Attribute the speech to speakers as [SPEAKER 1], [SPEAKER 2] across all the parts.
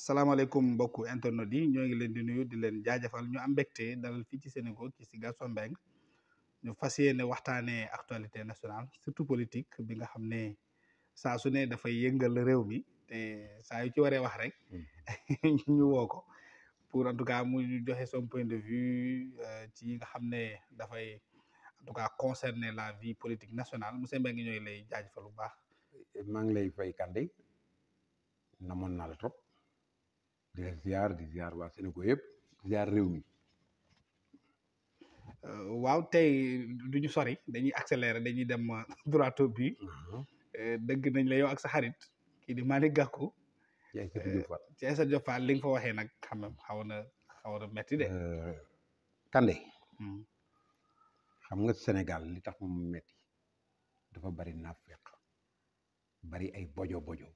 [SPEAKER 1] salaamaaleykum mbokku internet yi ñoo ngi leen di nuyu di leen jaajafal ñu am mbégte dalal fii ci Sénégal ci si Gaston Mbengue ñu fas yéene waxtaanee actualité nationale surtout politique bi nga xam ne saa su ne dafay yëngal réew mi te saa yu ci waree wax rek hmm. ñu ko pour en tout mu joxe son point de vue euh, ci yi nga xam ne dafay en tout la vie politique nationale monsieur Mbengue ñooy lay jaajëfal bu baax.
[SPEAKER 2] maa ngi lay fay Kandé namoon naa la trop. di ziar di ziar waa Sénégal yëpp ziar réew mi.
[SPEAKER 1] Euh, waaw tey du ñu sori dañuy
[SPEAKER 2] accélérer dañuy dem euh,
[SPEAKER 1] droit au but. Euh, dëgg nañ la yow sa xarit. kii di Malick Gakou. ci Aïssatou Diop Fall li nga fa waxee nag xam nga xaw na
[SPEAKER 2] xaw na metti de. Hmm. xam nga Sénégal li tax mu metti dafa bari naafeq bari ay bojo bojo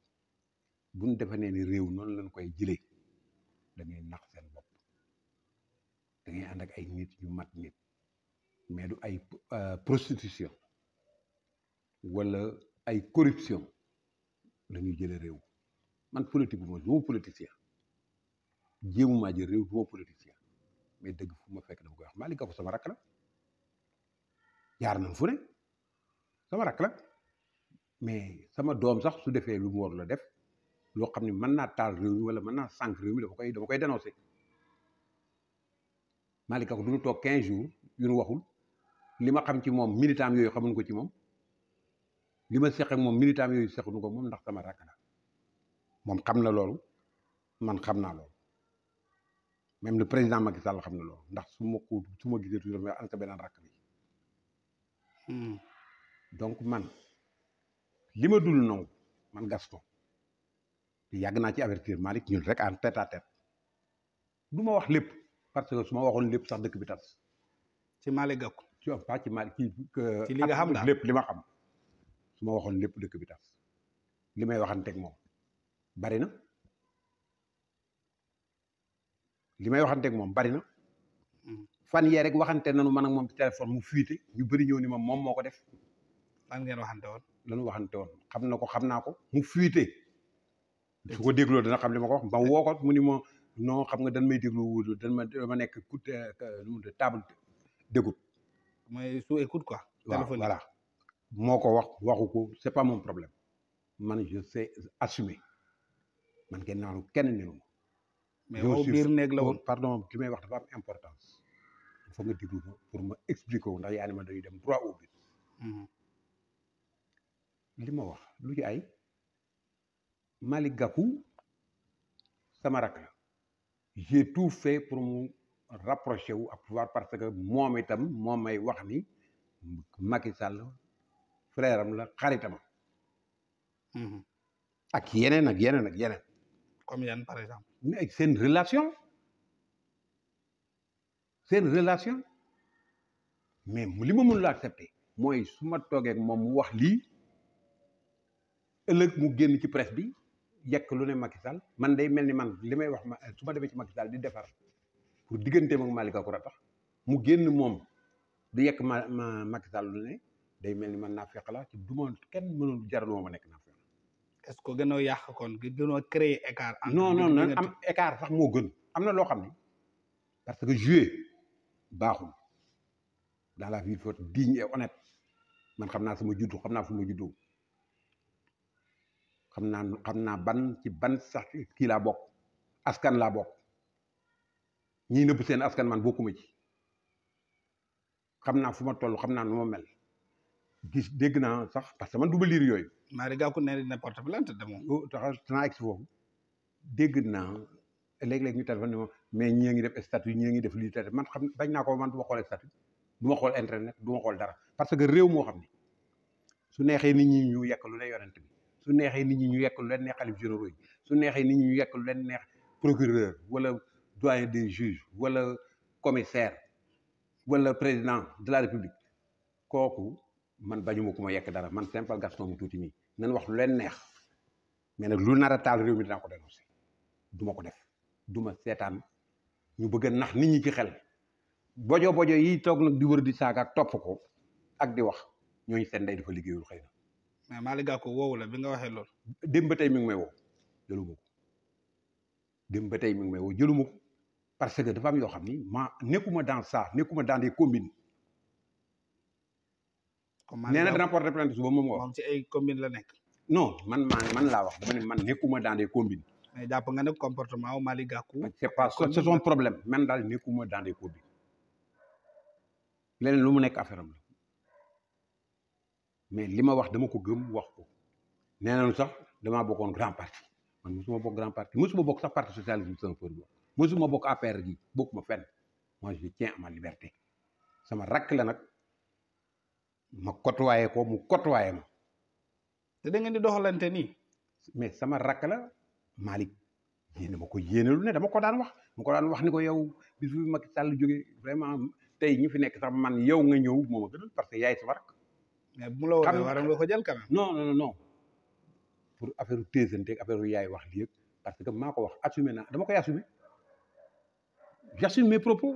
[SPEAKER 2] bu ñu defee réew noonu lañ koy jile da ngay nax seen bopp da ngay ay nit yu mat nit mais du ay euh, prostitution wala ay corruption la ñuy jële réew man politique bu ma duma politicien jéemumaa jël réew duma politicien mais dëgg fu ma fekk dama koy wax Malick Gakou sama rakk la jaar nañ fu ne sama rakk la mais sama doom sax su defee lu mu la def loo xam ne mën naa taal réew mi wala mën naa sànq réew mi dama koy dama koy dénoncé Malick Gakou du ñu toog 15 jours yunu ñu waxul li ma xam ci moom militant yooyu xamuñ ko ci moom li ma seq moom militant yooyu sequnu ko moom ndax sama rakk moom xam na loolu man xam naa loolu même le président Macky Sall xam na loolu ndax suma ma ko su ma gisee toujours mais an sa rakk bi hmm. donc man li ma dul man gas ko te yàgg naa ci avertir Malick ñun rek en tête à tête du ma wax lépp parce que su ma waxoon lépp sax dëkk bi tas. ci Malick Gakou. ci pas ci Malick ci. Euh, ci lépp li ma xam. su waxoon lépp dëkk bi tas li may waxanteeg moom bari na li may waxanteeg moom bari na. Hmm. fan yee rek waxante nu man ak moom ci téléphone mu fuite ñu bëri ñëw ni ma moom moo ko def. lan ngeen waxante woon. lan waxante woon xam na ko xam naa ko mu fuite. su ko dégloo dana xam li ma ko wax ba woo ko mu ni ma non xam nga dan may déglu wóolu dan ma dama nekk coûte lu de table d'écoute mooy sous écoute quoi waaw voilà moo ko wax waxu ko c'est pas mon problème man je sais assumer man kenn naalu kenn nenu ma mais moo biir néeg la woon pardon ki may wax dafa am importance foog faut nga déglu pour ma expliquer wu ndax yaa ne ma dañuy dem droit au but mhm. li wax lu ci ay mali Gakou sama rak la j'ai tout fait pour mu rapprocher wu ak pouvoir parce que moom itam moom may wax ni Macky Sall frère la xaritama mhm. ak yeneen ak yeneen ak yeneen. comme yan par exemple. mais seen relation seen relation mais li ma la accepter mooy su ma toogee moom mu wax lii ëllëg mu génn ci presse bi. yekk lu ne Macky Sall man day mel ni man li may wax ma su ma demee ci Macky Sall di defar pour digganteem ak Malick Gakou tax mu génn moom du yekk ma ma Macky lu ne day mel ni man naa feq la ci du ma kenn mënoon jaraloo ma nekk naa feq est ce que gënoo yàq kon gënoo créer écart. non non non am écart moo gën am na loo xam ne parce que jouer baaxul dans la vie il faut être digne man xam naa sama juddu xam naa fu ma juddoo. xam naa xam naa ban ci ban sax kii laa bokk askan laa bokk ñii nëbb seen askan man bokkuma ci xam naa fu ma toll xam naa nu ma mel gis dégg naa sax parce que man du liir yooyu. maa Gakou nee na porte plainte de moom. tax naa egg si foofu dégg naa léeg-léeg ñu téléphone ne ma mais ñii ngi def statut ñii ngi def lii man xam bañ naa ko man du ma xool statut du ma xool internet du xool dara parce que réew moo xam ne su neexee nit ñi ñu yekk lu ne yonent bi. su neexee nit ñi ñu yekk lu leen neex xalif généraux neexee nit ñi ñu leen neex procureur wala doyen des juges wala commissaire wala président de la république kooku man bañuma ku ma yekk dara man simple Gaston mu tuuti nii nan wax lu leen neex mais nag lu nar a taal réew mi dinaa ko dénoncé du ko def du ma seetaan ñu bëgg nax nit ñi ci xel bojo bojo yi toog nag di wër di saaga ak topp ko ak di wax ñooñu seen ndey dafa liggéeyul xëy na mais Malick Gakou woowu la bi nga waxee loolu. démb ba tey mi ngi may woo jëluma ko démb ba tey mi ngi may woo jëluma ko parce que dafa yoo xam ni ma nekkuma dans ça nekkuma dans des combines. comme nee na dana porter plainte suba moom nga wax. moom ay combines la nekk. non man maa man laa wax dama ne man nekkuma dans des combines. mais jàpp nga ne comportement wu Malick Gakou. c'est pas c'est son problème man daal nekkuma dans des combines. lu mu nekk affaire am la. mais li ma wax dama ko gëm wax ko nee nañu sax damaa bokkoon grand parti man mosuma bokk grand parti mosuma bokk sax parti socialiste sama për mosuma bokk APR gi bokk ma fenn moi je tiens à ma sama rakk la nag ma côtoyé ko mu côtoyé ma te da ngeen di doxalante nii mais sama rakk la Malick yéen ma ko yéene lu ne dama ko daan wax ma ko daan wax ni ko yow bis ma Macky Sall jógee vraiment tey ñi fi nekk sax man yow nga ñëw moo ma gënal parce que yaay sama rakk mais
[SPEAKER 1] bu mu la woowee waroon
[SPEAKER 2] nga ko affaire téesante yaay wax yëpp parce que maa ko wax assumé naa dama koy assumé j'assume mes propos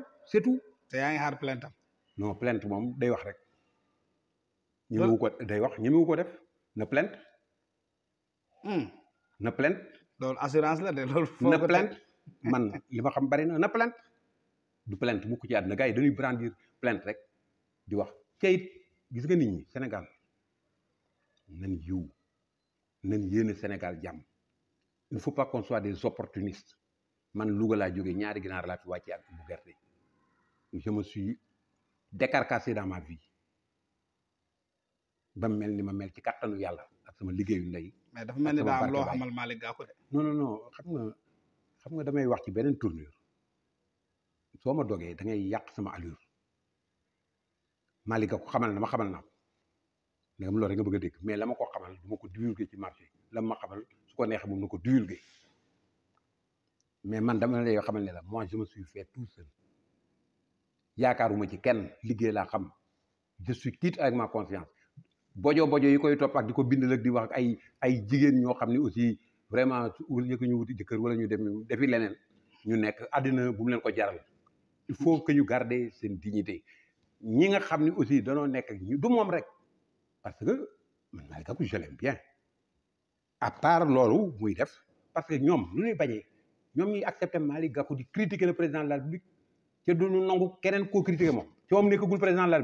[SPEAKER 2] moom day wax rek. ñemewu wax ñemewu ko def na plainte. Hmm. na plainte. loolu assurance la man li ma xam bari na na plainte. du plainte mukk ci àdduna gars yi dañuy brandir plainte rek di wax te gis nga nit ñi Sénégal nan yiw nan yéene Sénégal jàmm il faut pas qu'on des opportunistes man Louga laa jógee ñaari ginaar laa fi wàccee ak bu gerte je me suis décarcassé dans vie ba mel ni ma mel ci kattanu yàlla ak sama liggéeyu ndey. mais dafa mel ni daa am loo xamal Malick Gakou de. non non non xam nga xam nga damay wax ci beneen tournure soo ma dogee da ngay yàq sama allure Malick ko xamal na ma xamal na ndegam loolu rek nga bëgg a dégg mais la ma ko xamal du ma ko divulgué ci marché la ma xamal su ko neexee moom na ko divulgué mais man dama lay xamal ne la moi je me suis fait tout seul yaakaaruma ci kenn liggéey laa xam je suis quitte avec ma conscience bojo bojo yi koy topp ak di ko bind ak di wax ay ay jigéen ñoo xam ne aussi vraiment ñu ko ñu wuti jëkkër wala ñu dem defi leneen ñu nekk àddina bu leen ko jaral il faut que ñu garder seen dignité ñi nga xam ne aussi danoo nekk ak ñu du moom rek parce que man Malick Gakou je l'aime bien à part loolu muy def parce que ñoom lu ñuy bañee ñoom ñuy accepté Malick Gakou di critiquer le président de la République te duñu nangu keneen koo critiquer moom ci moom nekkagul président de la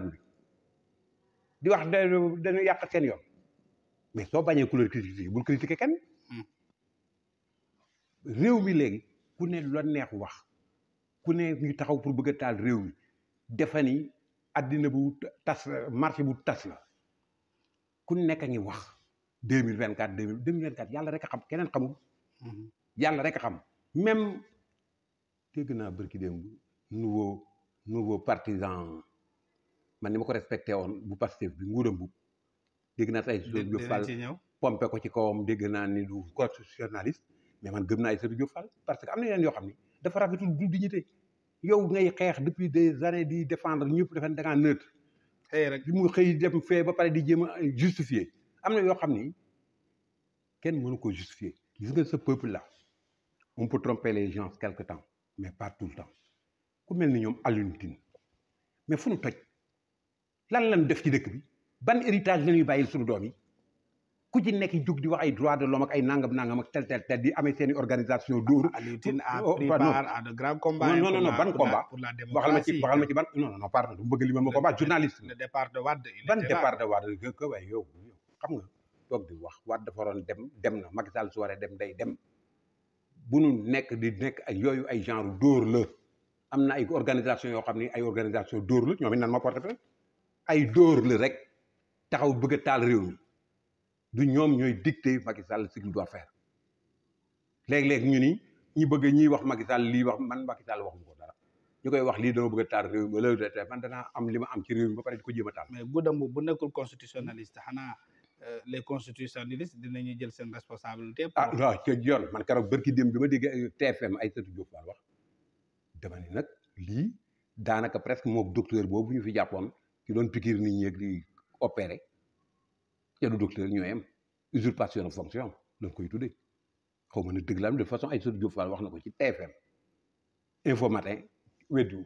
[SPEAKER 2] di wax dañu yàq seen yoon mais soo bañee couleur critique bul critiquer kenn hmm. réew mi léegi ku ne lu neex wax ku ne ñu taxaw pour bëgg a taal réew mi defa ni addina bu tas marché bu tas la ku nekk a ngi wax deux mille vingt quatre deux mille vingt quatre yàlla rek a xam keneen xamul. Mhm. yàlla rek a xam même dégg naa bërki démb nouveau nouveau partisan man ni ma ko respecté woon bu Pastef bi nguuram bu dégg naa tey Aïssatou Diop Fall ko ci kawam dégg naa ni du constitutionnaliste mais man gëm naa Aïssatou Diop Fall parce que am na yeneen yoo xam ni dafa rafetul du dignité yow ngay xeex depuis des années di défendre ñëpp defe da ngaa neutre. xëy rek bi mu xëy dem fee ba pare di jéem a justifier am na yoo xam ni kenn mënu ko justifier. gis nga ce peuple la on pour tromper les gens quelque temps mais pas tout le temps ku mel ni ñoom Alioune Tine mais fu nu toj lan lan def ci dëkk bi ban héritage la ñuy bàyyil suñu doom yi. ku ci nekk jóg di wax ay droits de l'homme ay nangam nangam ak tel tel tel di amee seen i organisation dóor ah, Alioune Tine a pris part à de grands combats non non non ban combat waxal ma ci waxal ma ci ban non non non pardon du départ de Wade de Wade que waay yow xam nga toog di wax Wade dafa waroon dem dem na Macky Sall su waree dem day dem bu nu nekk di nekk ak yooyu ay genre door la am na ay organisation yoo xam ni ay organisation dóor la ñoom it nan ma porté ay door la rek taxaw bëgg a taal réew du ñoom ñooy dicté Macky Sall ce qu'il doit faire léeg-léeg ñu ni ñi bëgg ñiy wax Macky Sall lii wax man Macky Sall waxuma ko dara ñu koy wax lii dama bëgg a taal réew mi man danaa am li ma am ci réew mi ba pare ko jéem a taal. mais Goudomp bu nekkul constitutionnaliste xanaa
[SPEAKER 1] euh, les constitutionnalistes dinañu jël seen responsabilité.
[SPEAKER 2] ah waaw ci yoon man keroog bërki démb bi ma déggee ay euh, Aïssatou Diop Fall wax dama ne nag lii daanaka presque moom docteur boobu ñu fi jàppoon ki doon pikir nit ñi ak di opéré. yow docteur ñoo yem usurpation de fonction lañ koy tuddee xaw ma ne dëgg la am de façon ay Diop Fall wax na ko ci TFM info matin weddu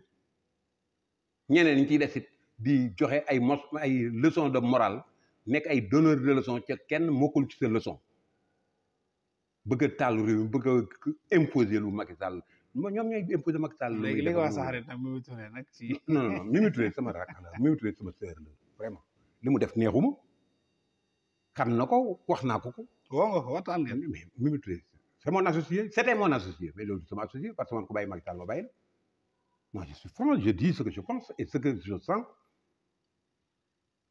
[SPEAKER 2] ñeneen ñi ciy des it di joxe ay mos ay leçon de morale nekk ay donneur de leçon ca kenn mokkul ci sa leçon bëgg a taal réew mi bëgg a imposer lu Macky Sall ñoom ñooy imposer Macky Sall. léegi léegi waa Saxaret
[SPEAKER 1] nag Mimi Touré nag ci. non sama rakk
[SPEAKER 2] la sama sœur la vraiment li mu def neexuma. xam na ko wax naa ko ko woo nga ko waxtaan ngeen mais Mimi Touré c'est mon associé c'était mon associé mais loolu sama associé parce que man ko bàyyi Macky Sall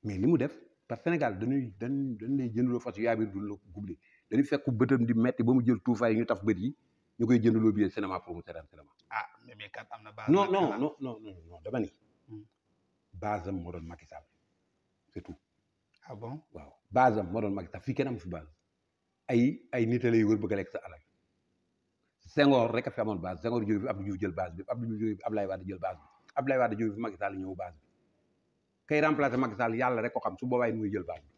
[SPEAKER 2] mais ni mu def parce que Sénégal dañuy dañ dañ lay jëndloo fas yu yaabir duñ la gubli dañuy fekk bëtam di metti ba mu jël tuufaay yi ñu taf bët yi ñu koy jëndloo biir cinéma pour mu seetaan cinéma
[SPEAKER 1] ah mais mais kat am na base non non non non non dama ni
[SPEAKER 2] hmm. base am moo doon Macky
[SPEAKER 1] ah waaw
[SPEAKER 2] base am moo doon Macky Sall fii kenn amu fi base ay ay nit lay wër bëgg a lekk sa alal sengoor rek a fi amoon base Senghor jógee fi Abdou Diouf jël base bi Abdou Diouf jógee fi Abdoulaye Wade jël base bi Abdoulaye Wade jógee fi Macky Sall ñëw base bi kay remplacer yàlla rek ko xam su boobaay muy jël base bi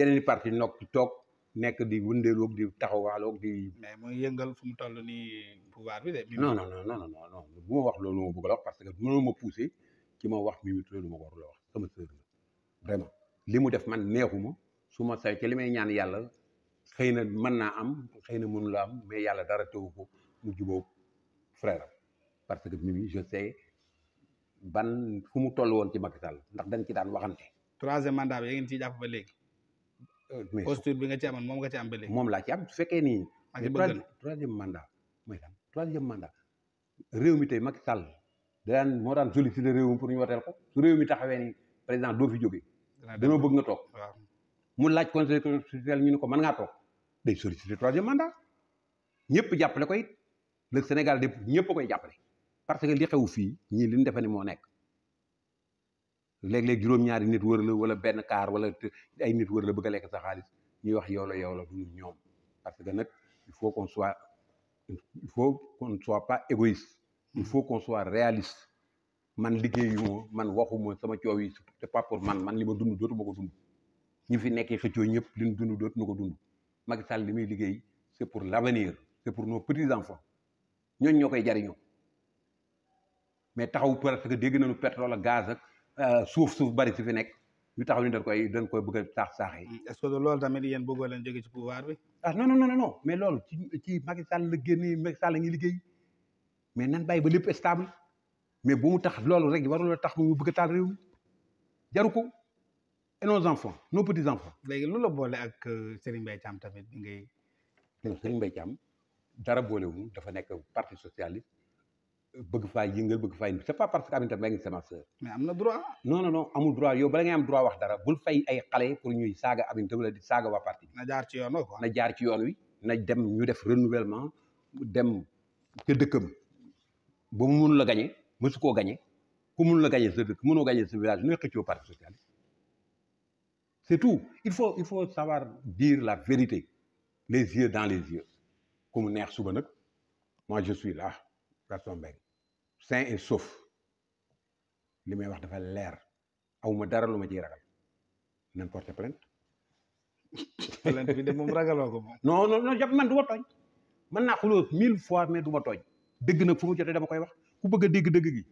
[SPEAKER 2] yeneen i parti nokk toog nekk di wëndeeloog di taxawaaloog di. mais mooy yëngal fu mu toll
[SPEAKER 1] nii pouvoir bi de. non non non non non non
[SPEAKER 2] bu ma wax loolu ma bëgg la wax parce que mënoo ma poussé ci ma wax Mimi Touré lu ma warul a wax sama sœur li mu def man neexuma su ma say ci li may ñaan yàlla xëy na mën naa am xëy na mënula am mais yàlla dara tewu ko mu jubóo frère parce que Mimi je sais ban fu mu toll woon ci Macky Sall ndax dañ ci daan waxante. troisième mandat bi yaa ngi ciy jàpp ba léegi. Euh, posture
[SPEAKER 1] bi nga ci am moom nga ci am ba moom laa ci
[SPEAKER 2] am su fekkee nii. ak troisième mandat mooy lan troisième mandat réew mi tey Macky Sall daan moo daan sollicité réew mi pour ñu woteel ko su réew mi taxawee ni président doo fi jógee. dañoo bëgg nga toog mu laaj conseil ñu ni ko mën ngaa toog day solliciter troisième mandat ñëpp jàppale ko it le Sénégal de ñëpp koy jàppale parce que li xew fii ñii li ñu defe moo nekk léeg-léeg juróom-ñaari nit wër la wala benn kaar wala ay nit wër la bëgg a lekk sa ñuy wax yow la yow ñoom parce que nag il faut qu'on soit il faut qu'on pas égoïste il faut qu'on soit man liggéeyuma man waxuma sama coow yi c'est pas pour man man li ma dund dootuma ko dund ñi fi nekkee xëccoo ñëpp li dund dootuma ko dund Macky Sall li muy liggéey c'est pour l'avenir c'est pour nos petits enfants ñooñ ñoo koy jariñoo mais taxaw parce que dégg nañu pétrole ak gaz ak euh, suuf suuf bari si fi nekk ñu taxaw ñu dañ koy dañ koy bëgg a saax saaxee. Mm, est loolu tamit yéen bëggoo leen jóge ci pouvoir bi. ah non non non mais loolu ci ci Macky Sall la génnee Macky la ñuy liggéey mais nan bàyyi ba lépp stable. mais bu mu tax loolu rek warul la tax mu bëgg a taal réew mi jaru ko et nos enfants nos petits enfants. léegi lu la boole ak euh, Serigne Mbaye Thiam tamit bi ngay. non Serigne dara Thiam dara boolewul dafa nekk parti socialiste bëgg faa yëngal bëgg faa indi c'est pas parce que Aminata Mbengue sama sœur. mais am na droit. non non non amul droit yow bala ngay am droit wax dara bul fay ay xale pour ñuy saaga Aminata wala di saaga waa parti bi. na jaar ci yoon wi quoi. na jaar ci yoon wi na dem ñu def renouvellement dem ca dëkkam ba mu la gañe mësu koo gañe ku mun la gañe sa dëkk mënoo gañe sa village nooy xëccoo parti socialiste c'est tout il faut il faut savoir dire la vérité les yeux dans les yeux ku mu neex suba nag moi je suis la Gaston Mbengue sain et sauf li may wax dafa leer awma dara lu ma ciy ragal nañ bi de moom ragaloo ko moom non man du tooñ mën naa xuloo mille fois mais du ma tooñ dëgg nag fu mu jotee dama koy wax ku bëgg a dégg dëgg gi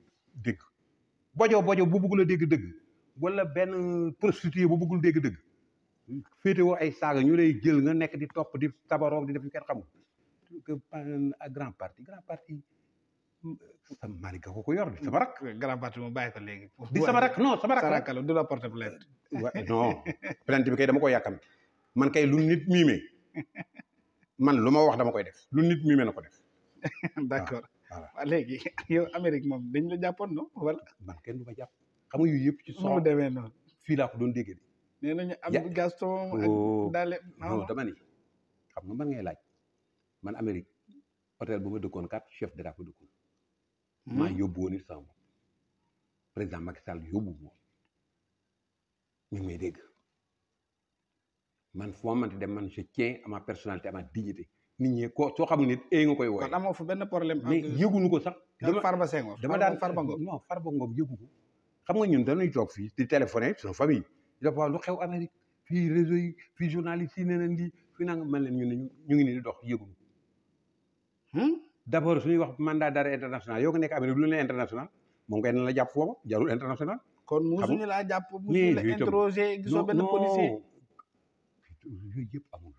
[SPEAKER 2] dégg bojo bojo bu bëggul a dégg dëgg wala benn prostituée bu bëggul dégg dëgg ay saaga ñu lay jël nga nekk di topp di tabaroog di def ñu kenn xamul ak grand ko ko di sama rak grand parti moom bàyyi ko léegi di sama rak non sama rak
[SPEAKER 1] la du la porter plainte
[SPEAKER 2] non plainte bi kay dama ko yàkkamti man kay lu nit miime man lu ma wax dama koy def lu nit miime na ko def
[SPEAKER 1] d'accord voilà waaw léegi yow Amérique moom dañ la jàppoon non wala. man kenn du ma jàpp xam nga yooyu yëpp ci son. mu
[SPEAKER 2] demee noonu fii laa ko doon déggee. nee nañu am Gaston ak oh. Dalle. non dama ni xam nga man ngay laaj man Amérique hôtel bu ma dëkkoon kat chef de la fa hmm? maa yóbbu woon it sama bopp président Macky Sall yóbbu woon ñu ngi may dégg man foo mënti dem man je tiens à ma personnalité nit ñi ko soo xam nit ee nga koy wooye. kon amoo fa benn problème. mais yëguñu ko sax. dama farba Senghor dama daan farba Ngom non farba Ngom yëgu ko. xam nga ñun dañuy toog fii di téléphoné suñu famille dafa lu xew Amérique fii réseau yi fii journaliste yi nee nañ lii fii naa mel leen ñu ne ñu ngi nii di dox yëguñu ko. Hmm? d' abord suñuy wax mandat d'arrêt international yoo ko nekk a lu ne international moom kay nan la jàpp foofu jarul international. kon musuñu laa jàpp musuñu la interroger gisoo benn policier. yooyu yëpp amul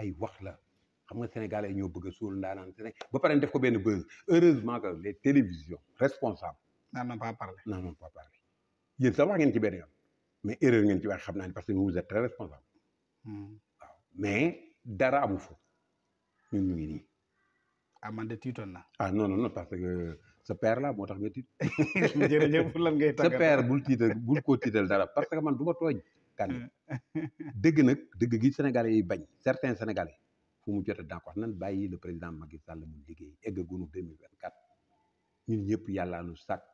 [SPEAKER 2] ay wax la. xam nga Sénégalais ñoo bëgg a suul ndaanaan Sénégal ba pare def ko benn buzz heureusement que les télévisions responsables. n'en ont pas yéen sax ngeen ci benn yoon mais erreur ngeen ci wax xam naa ne parce que vous hmm. mais dara amu fa ñun ñu ngi nii.
[SPEAKER 1] ah man de tiitoon na.
[SPEAKER 2] ah non parce que sa père la moo tax nga tiit. jërëjëf
[SPEAKER 1] lan bul
[SPEAKER 2] tiital bul ko tiital dara parce que man du ma tooñ. kan hmm. dëgg nag dëgg gi Sénégalais yi bañ certains Sénégalais. fu mu jotee daa ko wax nan bàyyi le président Macky Sall mu liggéey eggagunu 2024 ñun ñëpp yàllaa nu sàkk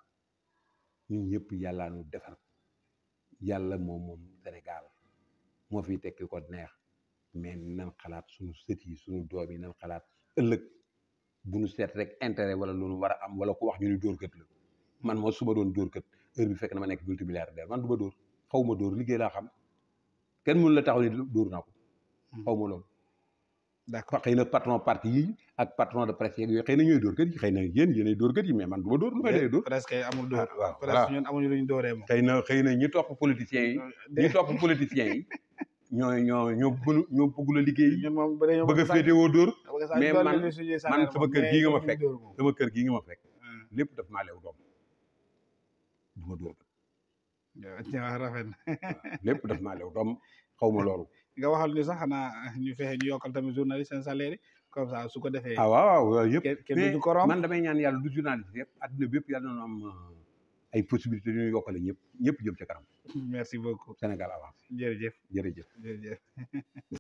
[SPEAKER 2] ñun ñëpp yàllaa nu defar yàlla moom moom Sénégal moo fi tekki ko neex mais nan xalaat suñu sët yi suñu doom yi nan xalaat ëllëg bu nu seet rek intérêt wala lu war a am wala ku wax ñu ni dóorkat la man moo su ma doon dóorkat heure bi fekk na ma nekk multimilliardaire man du ma dóor xaw ma door liggéey laa xam kenn mënu la taxaw ni dóor naa ko hmm. xaw ma loolu d'accord xëy na patron parti yi ak patron de presse yooyu xëy na ñooy dóor kër yi xëy na yéen yéenay dóor kër yi mais man du ma dóor lu may lay
[SPEAKER 1] dóor presque amul dóor ah, waaw presque ñun
[SPEAKER 2] amuñu luñ dóoree moom xëy na xëy na ñi topp politiciens yi ñi topp politiciens yi ñooy ñoo ñoo bëgg ñoo bëggul a liggéey bëgg a féetewoo dóor mais man man sama kër gii nga ma fekk sama ah. kër gii nga ma fekk lépp daf maa leew doom du ma dóor daf maa leew doom xaw ma loolu
[SPEAKER 1] nga waxal ñu sax xanaa ñu fexe ñu yokkal tamit journaliste seen salaire yi comme ça su ko defee. ah waaw
[SPEAKER 2] waaw yëpp kenn du ko man damay ñaan yàlla du journaliste yëpp adduna bi yëpp yàlla na am euh, ay possibilités yu ñu yokkale ñëpp ñëpp jëm ca kanam. merci beaucoup Sénégal avancé. jërëjëf jërëjëf jërëjëf.